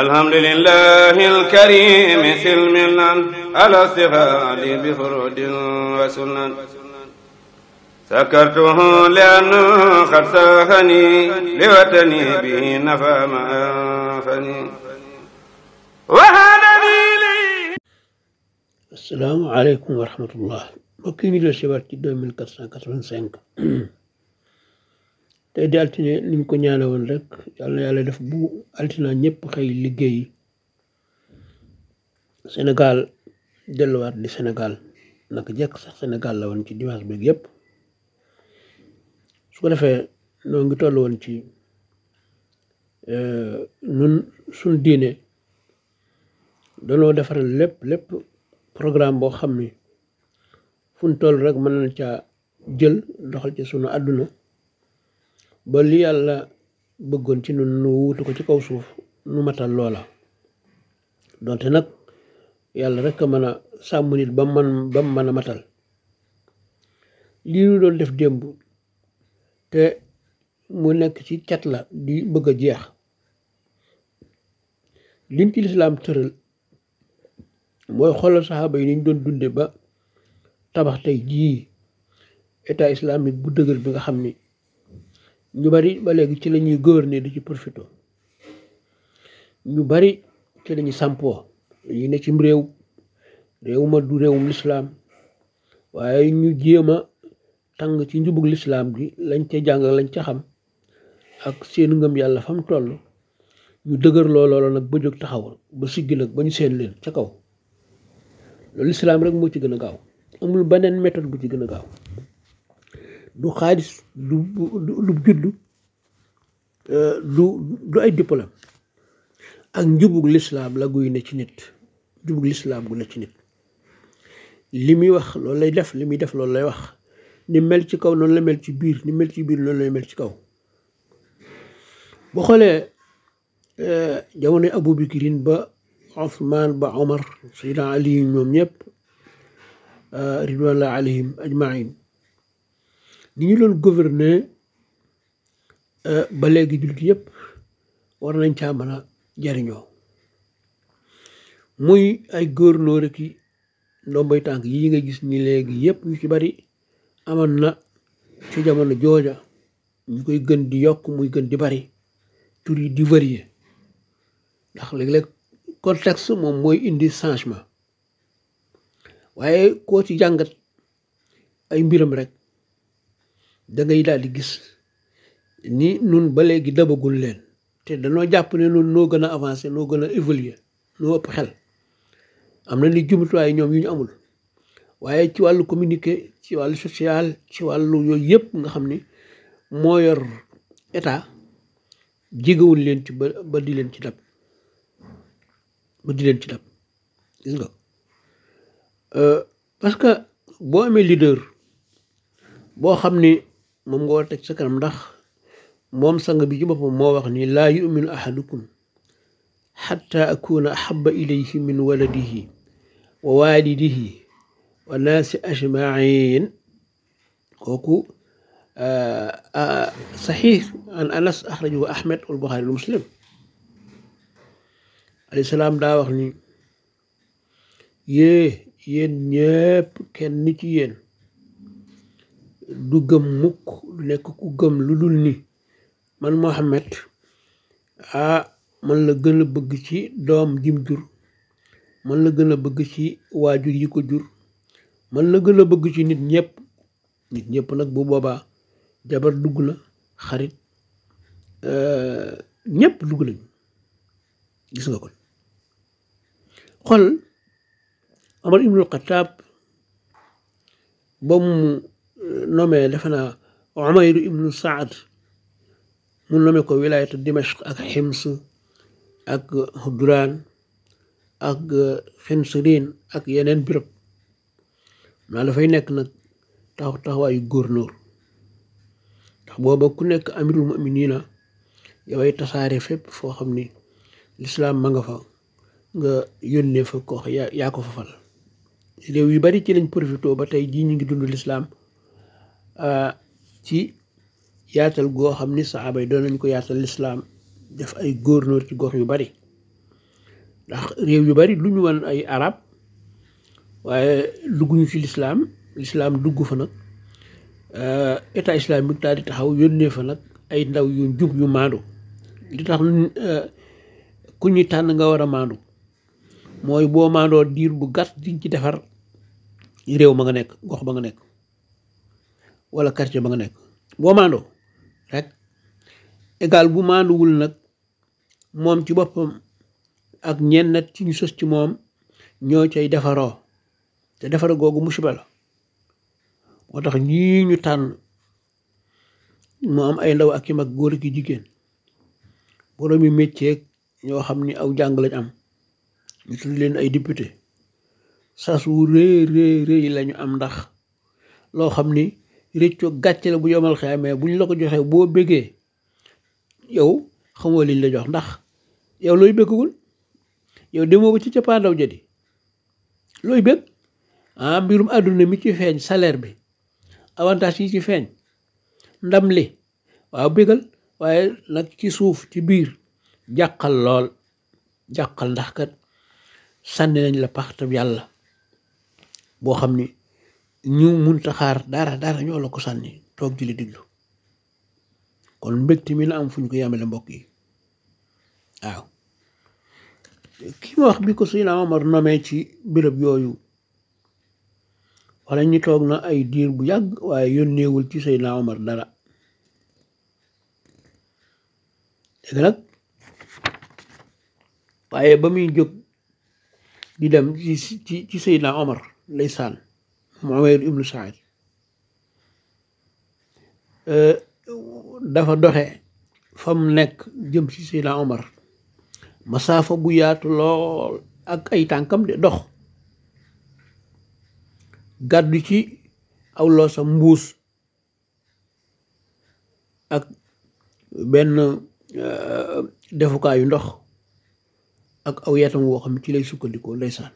alhamdulillahi alkarimi silmilan alastifadi bifurudin wa sunan سكرته لأنه قد ساهني لوطني به نفى ما أنفني وهذا لي السلام عليكم ورحمة الله mbokk yi ñu del ci waat ci 2485 te di altine li ñu ko ñaane woon rek yàlla na yàlla def bu altina ñëpp xëy liggéey Sénégal delluwaat di Sénégal naka jekk sax Sénégal la woon ci dimanche bi yëpp su ko defee noo ngi toll woon ci eh, nun suñ diine danoo defaral lépp lépp programme boo xam ni fu ñu toll rek mën na caa jël doxal ci sunu àdduna ba li yàlla bëggoon ci nun nu ko ci kaw suuf nu matal loola donte nag yàlla rek a mën a sàmm nit ba man mën a matal lii nu doon def démb te mu nekk ci cat la di bëgg a jeex lim ci lislaam tëral mooy xoolal saxaaba yi niñ doon dunde ba tabax tey jii état islamique bu dëgër bi nga xam ni ñu bari ba léegi ci la ñuy gouverner di ci profito ñu bari ci la ñuy sampoo yi ne cim réew réew ma du réewum lislaam waaye ñu jéem a tàng ci njubug lislaam gi lañ ca jàng lañ ca xam ak seen ngëm yàlla fam toll ñu dëgër looloo nag ba jóg taxawal ba siggi nag ba ñu seen leen ca kaw loolu lislaam rek moo ci gën a gaaw amul beneen méthode bu ci gën a gaaw du xaalis du du judd euh, du ay diplôme ak njubug lislaam la guy ne ci nit njubug lislaam gu ne ci nit li muy wax loolu lay def li muy def loolu lay wax ni mel ci kaw noonu la mel ci biir ni mel ci biir loolu lay mel ci kaw boo xoolee euh, jamono aboubacrine ba Ousmane ba Omar Seydina Ali ñoom ñëpp euh, ridwanullah alayhim ajmain ni ñu doon gouverner euh, ba léegi jullit yëpp war nañ caa mën a jariñoo muy ay gouverneur ki ndombay tànk yi nga gis ni léegi yëpp yu ci bari amoon na ci jamono jooja ñu koy gën di yokk muy gën di bari tur yi di varier ndax léeg-léeg contexte moom mooy indi changement waaye koo ci jàngat ay mbiram rek da ngay daal di gis ni nun ba léegi dabagul leen te danoo jàpp ne nun noo gën a avancé noo gën a évoluer noo ëpp xel am na ni jumtuwaay ñoom yu ñu amul waaye ci wàllu communiqué ci wàllu social ci wàllu yooyu yëpp nga xam ni moo yor état jégewul leen ci ba ba di leen ci dab ba di leen ci dab gis euh, parce que boo amee leader boo xam ni moom nga war a teg ndax moom sang bi ci boppam moo wax ni laa yuminu ahadukum xatta akuna ahaba ilayhi min waladihi wa waalidihi wa naasi ajmain kooku ah, ah, saxiix an anas axrajahu ahmed wal buxaari alayhi salaam daa wax ni yée yéen ñépp kenn ni du gëm mukk nekk ku gëm lu dul ni man Mohamed ah man la gën a bëgg ci doom jim jur man la gën a bëgg ci waajur yi ko jur man la gën a bëgg ci nit ñëpp nit ñëpp nag bu boobaa jabar dugg na xarit eh, ñépp dugg nañu gis nga kon xol Omar ibnul Xataab ba mu nommé defe naa Umayr ibnu Saad mu nommé ko wilaayatu Dimashq ak Hims ak Huduraan ak Xinsirin ak yeneen birëb maa dafay nekk nag taxaw taxawaayu gouverneur ndax booba ku nekk amirul muminina yoway tasaare fépp foo xam ni lislaam ma nga nga yónnee fa ko yaa ko fa fal réew yu bari ci lañ profité ba tey jii ñu ngi dund lislaam Euh, ci yaatal goo xam ni saxaaba yi doon nañ ko yaatal lislaam def ay gouverneur ci gox yu bari ndax réew yu bari lu ñu wan ay arab waaye dugguñu ci lislaam lislaam dugg fa nag euh, état islamique daal di taxaw yónnee fa nag ay ndaw yu jub yu maandu li tax euh, ku ñuy tànn nga war a maandu mooy boo maandoo diir bu gàtt diñ ci defar réew ma nga nekk gox ba nga nekk wala quartier ba nga nekk boo maandoo rek égal bu maanduwul nag moom ci boppam ak ñenn ci ñu sos ci moom ñoo cay defaroo te defar googu musiba la moo tax ñii ñu tànn mu am ay ndaw ak i mag góor ki jigéen boroomi métier ñoo xam ni aw jàng lañ am ñu tudd leen ay député sas wu rëy rëy rëy lañu am ndax loo xam ni réccoo gàcce la bu yomal xeex mais bu ñu la ko joxee boo béggee yow xamoo liñ la jox ndax yow looy bëggagul yow demoo ba ci cappaandaw jadi looy bëgg ah mbirum àdduna mi ci feeñ saleer bi avantage yi ci feeñ ndam li waaw bëggal waaye nag ci suuf ci biir jàqal lool jàqal ndax kat sànni nañ la paxtab yàlla boo xam ni ñu munta xaar dara dara ñoo la ko sànni toog julli diglu kon mbégte mi na am fu ñu ko yamale mbokk yi waaw ki ko suy naa Omar ci béréb yooyu wala ñu toog na ay diir bu yàgg waaye yónneewul ci suy naa Omar dara léegi nag waaye ba muy jóg di dem ci ci ci Seydina lay saan Muawiya ibnu Saad euh, dafa doxe fa nekk jëm si Seydina Omar masaafa bu yaatu lool ak ay tànkam de dox gàddu ci aw sam mbuus ak benn euh, defukaayu ndox ak aw yatam woo xam ci lay sukkandikoo ndeysaan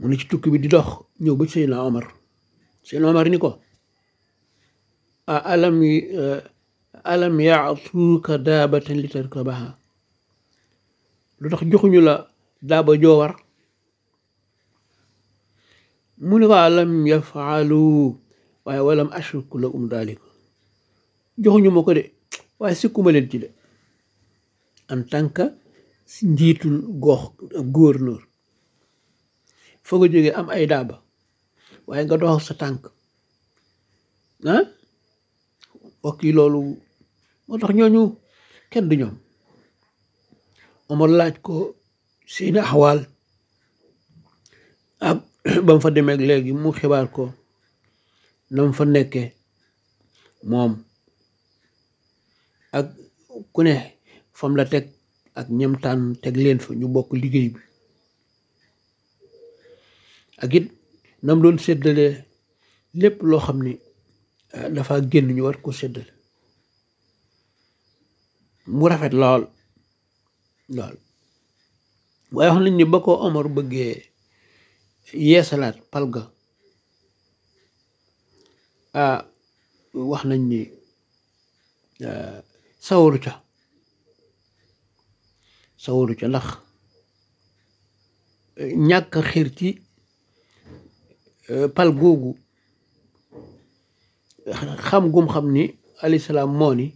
mu ne ci tukki bi di dox ñëw ba Seydina Omar Seydina Omar ni ko ah alam alam yaatuuka daabatan li tarkabaha lu tax joxuñu la daaba joowar mu ne ko alam yafaalu waaye walam ashuk la um daalik joxuñu ma ko de waaye sikkuma leen ci de en tant que njiitul goox gouverneur fa nga jógee am ay daaba waaye nga doxal sa tànk ah mbokk yi loolu moo tax ñooñu kenn du ñoom Omar laaj ko seeni axwaal ak fa demee léegi mu xibaar ko nam fa nekke moom ak ku ne fam la teg ak ñem tànn teg leen fa ñu bokk liggéey bi ak it nam doon séddale lépp loo xam ni euh, dafa génn ñu war ko séddale mu rafet lool lool waaye wax nañ ni ba ko Omar bëggee yeesalaat palga ah wax nañ ni euh, sawaru ca sawaru ca ndax euh, ñàkk xir ci Euh, pal googu xam gum xam ni alayhi salaam moo ni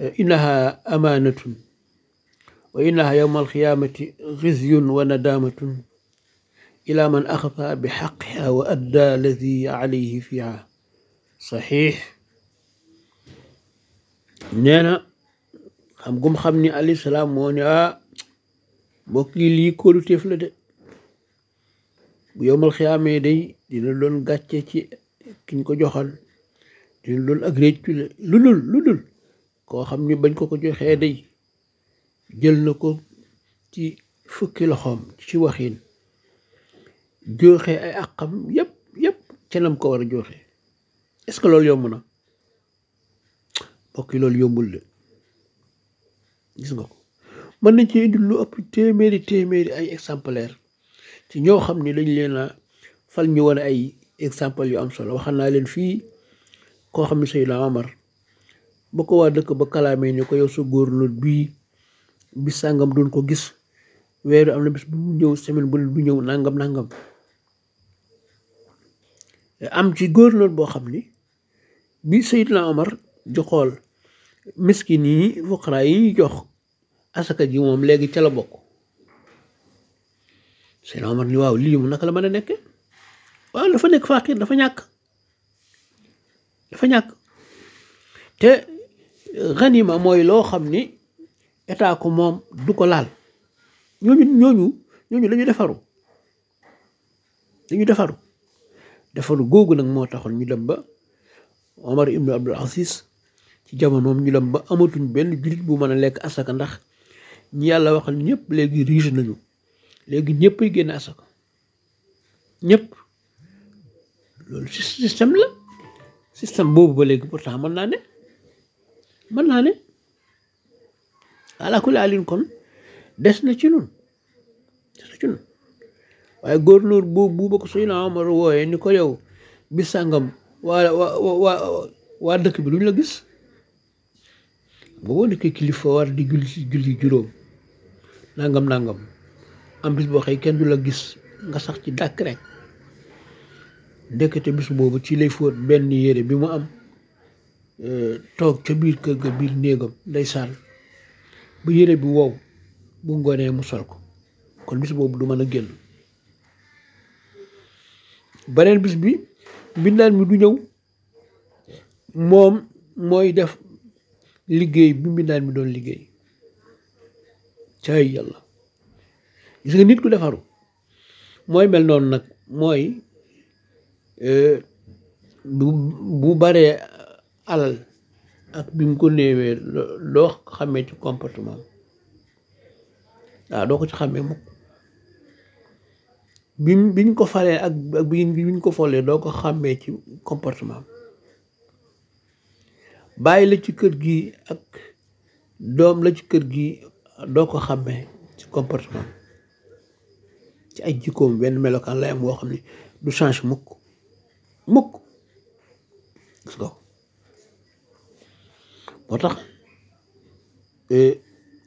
euh, innaha amaanatun wa innaha yowma alxiyaamati xizyun wa nadaamatun ila man axafa bi xaqiha wa adda alladi alayhi fiha saxiix nee na xam gum xam ni alayhi salaam moo ni ah mbokk yi lii kóoluteef la de bu yowmal xiyaamee day dina doon gàcce ci kiñ ko joxoon dina doon koo xam ni bañ ko ko joxee day jël na ko ci fukki loxoom ci waxin joxe ay àqam yëpp yëpp canam joxe est-ce que loolu yomb na mbokk yi loolu yombul de gis nga ko mën nañ ci indil lu ëpp téeméeri téeméeri ay exemplaire ci ñoo xam ni dañ leen a fal ñu wane ay exemple yu am solo waxal naa leen fii koo xam ne Seydina Omar ba ko waa dëkk ba kalaamee ni ko yow sa góornóor bii bis sàngam doon ko gis weeru am na bis bu ñëw semaine bu ñëw nangam nangam am ci góornóor boo xam ni bi Seydina Omar di xool miskin yi fuqaraa yi ñu jox asaka ji moom léegi ca la bokk Seydina Omar ni waaw lii mu naka la mën a nekke waaw dafa nekk faqiir dafa ñàkk dafa ñàkk te ganima mooy loo xam ni état ko moom du ko laal ñooñu ñooñu ñooñu dañu defaru dañu defaru defaru googu nag moo taxoon ñu dem ba Omar ibnu Abdul Aziz ci jamonoom ñu dem ba amatuñ benn jullit bu mën a lekk asaka ndax ñi yàlla waxal ñëpp léegi riche nañu léegi ñëppay génn asaka ñëpp loolu système la système boobu ba léegi pourtant mën naa ne mën naa ne alakula alin kon des na ci nun des na ci waaye góornóor boobu bu ba ko suy na Omar wooyee ni ko yew bis sàngam waa waa dëkk bi duñ la gis boobu nekkee kilifa war di julli si julli juróom nangam nangam am bis boo xëy kenn du la gis nga sax ci dàkk rek ndekete bis boobu ci lay fóot benn yére bi mu am euh, toog ca biir kër ga biir néegam ndeysaan bu yére bi wow bu ngoonee mu sol ko kon bis boobu du mën a génn beneen bis bi mbindaan mi du ñëw moom mooy def liggéey bi mbindaan mi doon liggéey caay yàlla gis nit ku defaru mooy mel noonu nag mooy euh, bu baree alal ak bi mu ko néewee doo xamee ci comportement waaw doo ko ci xamee mukk bi biñ ko falee ak bi biñ ko folee doo ko xàmmee ci comportement bàyyi la ci kër gi ak doom la ci kër gi doo ko xàmmee ci comportement ci ay jikkoom benn melokaan lay am boo xam ne du change mukk mukk gis tax e,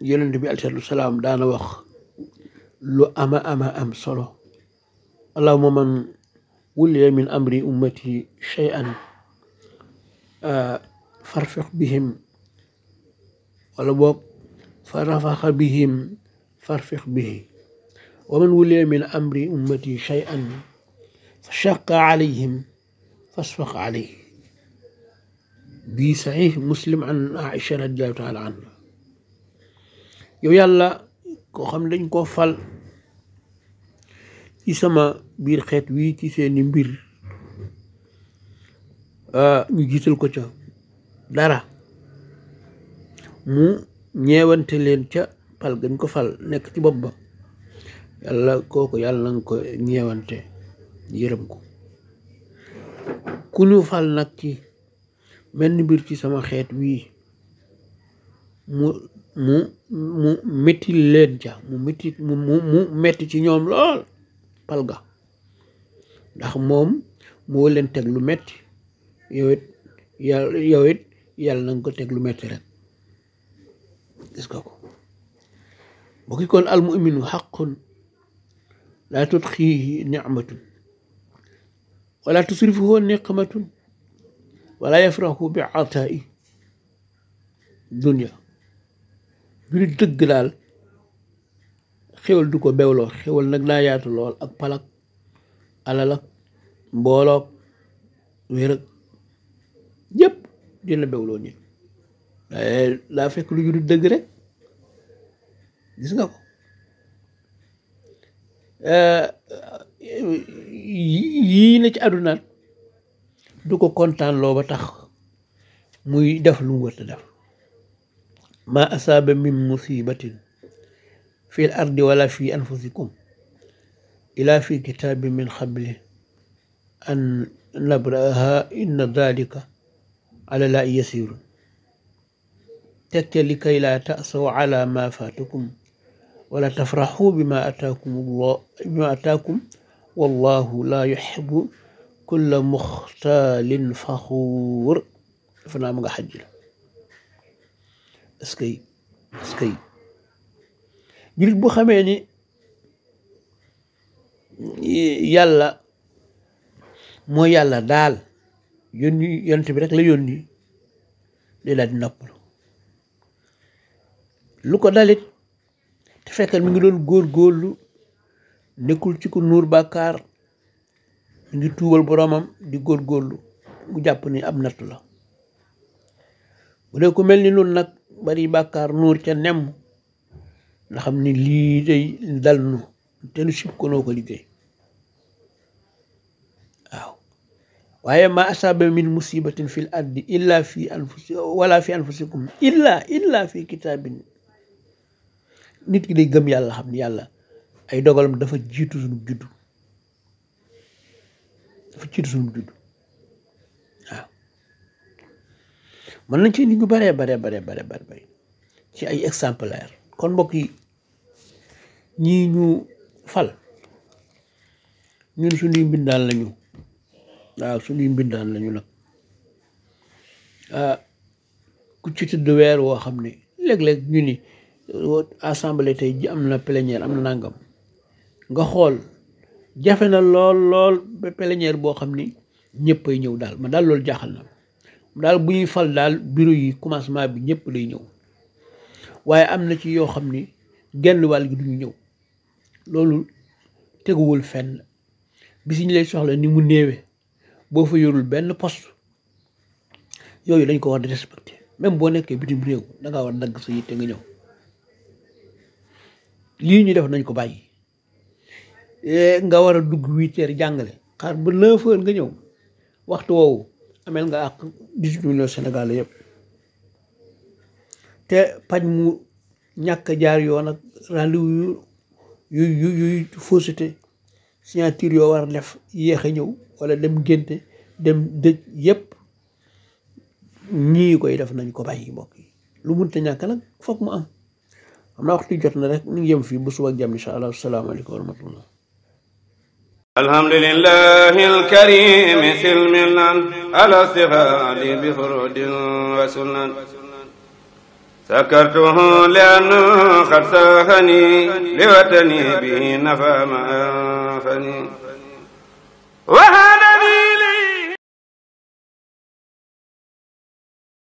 yonent bi alayhi salaam daana wax lu ama am solo allahuma man wuliya min amri ummati shay'an farfiq bihim wala boog fa bihim farfiq bihi wa man wuliya min amri ummati shay'an fa shaqqa alayhim fasfaq alayhi bi sahih muslim an aisha radiallahu taala anha yow yàlla koo xam ne dañ koo fal ci sama biir xeet wii ci seeni mbir ah, ñu jiital ko ca dara mu ñeewante leen ca fal gañ ko fal nekk ci bopp ba yàlla kooku yàlla na nga ko ñeewante yërëm ko ku ñu fal nag ci mel benn mbir ci sama xeet wii mu mu mu métti leen ja mu métti mu mu ci ñoom lool palga ndax moom moo leen teg lu metti yow it na nga ko teg lu metti rek gis ko bu ki kon almuminu xaqun laa tudxiihi nicmatun wala tusrifhu niqmatun wala yafraxu bi ataa'i dunya julit dëgg daal xéwal du ko nag daa yaatu lool ak palak alal ak mbooloog wér ak yépp dina bewloo nit fekk lu julit dëgg gis nga Eh, eh, yii na ci àdduna du ko kontaan loo ba tax muy def lu mu wërta def ma asaaba min musibatin fi l ardi wala fi anfusikum ila fi kitaabin min xabli an nabraha inna dalika ala laa yasirun tegte li kay laa tasaw ala ma faatukum wala tafraxu bima ataakum bima ataakum wallahu laa yuxibu kulla faxuur dafa ma nga xaj la bu xamee ni yàlla moo yàlla daal yónni yonent bi rek la yónni day daal di noppalu lu ko dalit te fekkal mi ngi doon góor góorlu nekkul ci ku nuur bàkkaar mi ngi tuubal boroomam di góorlu mu jàpp ni ab natt la bu dee ku mel ni nun nag bari bàkkaar nuur ca nemm na xam ni lii day dal nu te nu sib ko noo ko liggéey waaw waaye ma asaaba min musibatin fil ardi illa fi anfusi wala fi anfusikum illa illa fi kitaabin nit ki day gëm yàlla xam ni yàlla ay dogalam dafa jiitu sunu juddu dafa jiitu sunu juddu waaw mën nañ ci nit ñu baree baree baree baree bare ci ay exemplaire kon mbokk yi ñii ñu fal ñun suñuy mbindaan lañu waaw suñuy mbindaan lañu nag ah, ku ci tudd weer woo xam ne léeg-léeg ñu ni assemblée tey ji am na plénière am na nangam nga xool jafe na lool lool plénière boo xam ni ñëpp ay ñëw daal ma daal lool jaaxal na daal bu ñuy fal daal bureau yi commencement bi ñëpp lay ñëw waaye am na ci yoo xam ni genn wàll gi duñu ñëw loolu teguwul fenn bis ñu lay soxla ni mu néewee boo fa yorul benn post yooyu dañ ko war di respecté même boo nekkee bitim réew da ngaa war dagg sa yitte nga ñëw lii ñu def nañ ko bàyyi eh, nga war a dugg huit heures jàngale xaar ba neuf nga ñëw waxtu woowu amel nga àq dix millions Sénégal yëpp te paj mu ñàkk jaar yoo nag rendez-vous yu yu yuy fausseté signature yoo war a def yéex a ñëw wala dem génte dem dëj yëpp ñii koy def nañ ko bàyyi mbokk yi lu munte ñàkk nag foog mu am xam naa waxtu jot na rek ñu ngi yem fii bu suba jàmm incha allah asalaamaaleykum wa rahmatullah alhamdulillahi alkarim silmilan ala sihali bi furudin wa sunan سكرته لأنه قد ساخني لوطني به نفى ما أنفني وهذا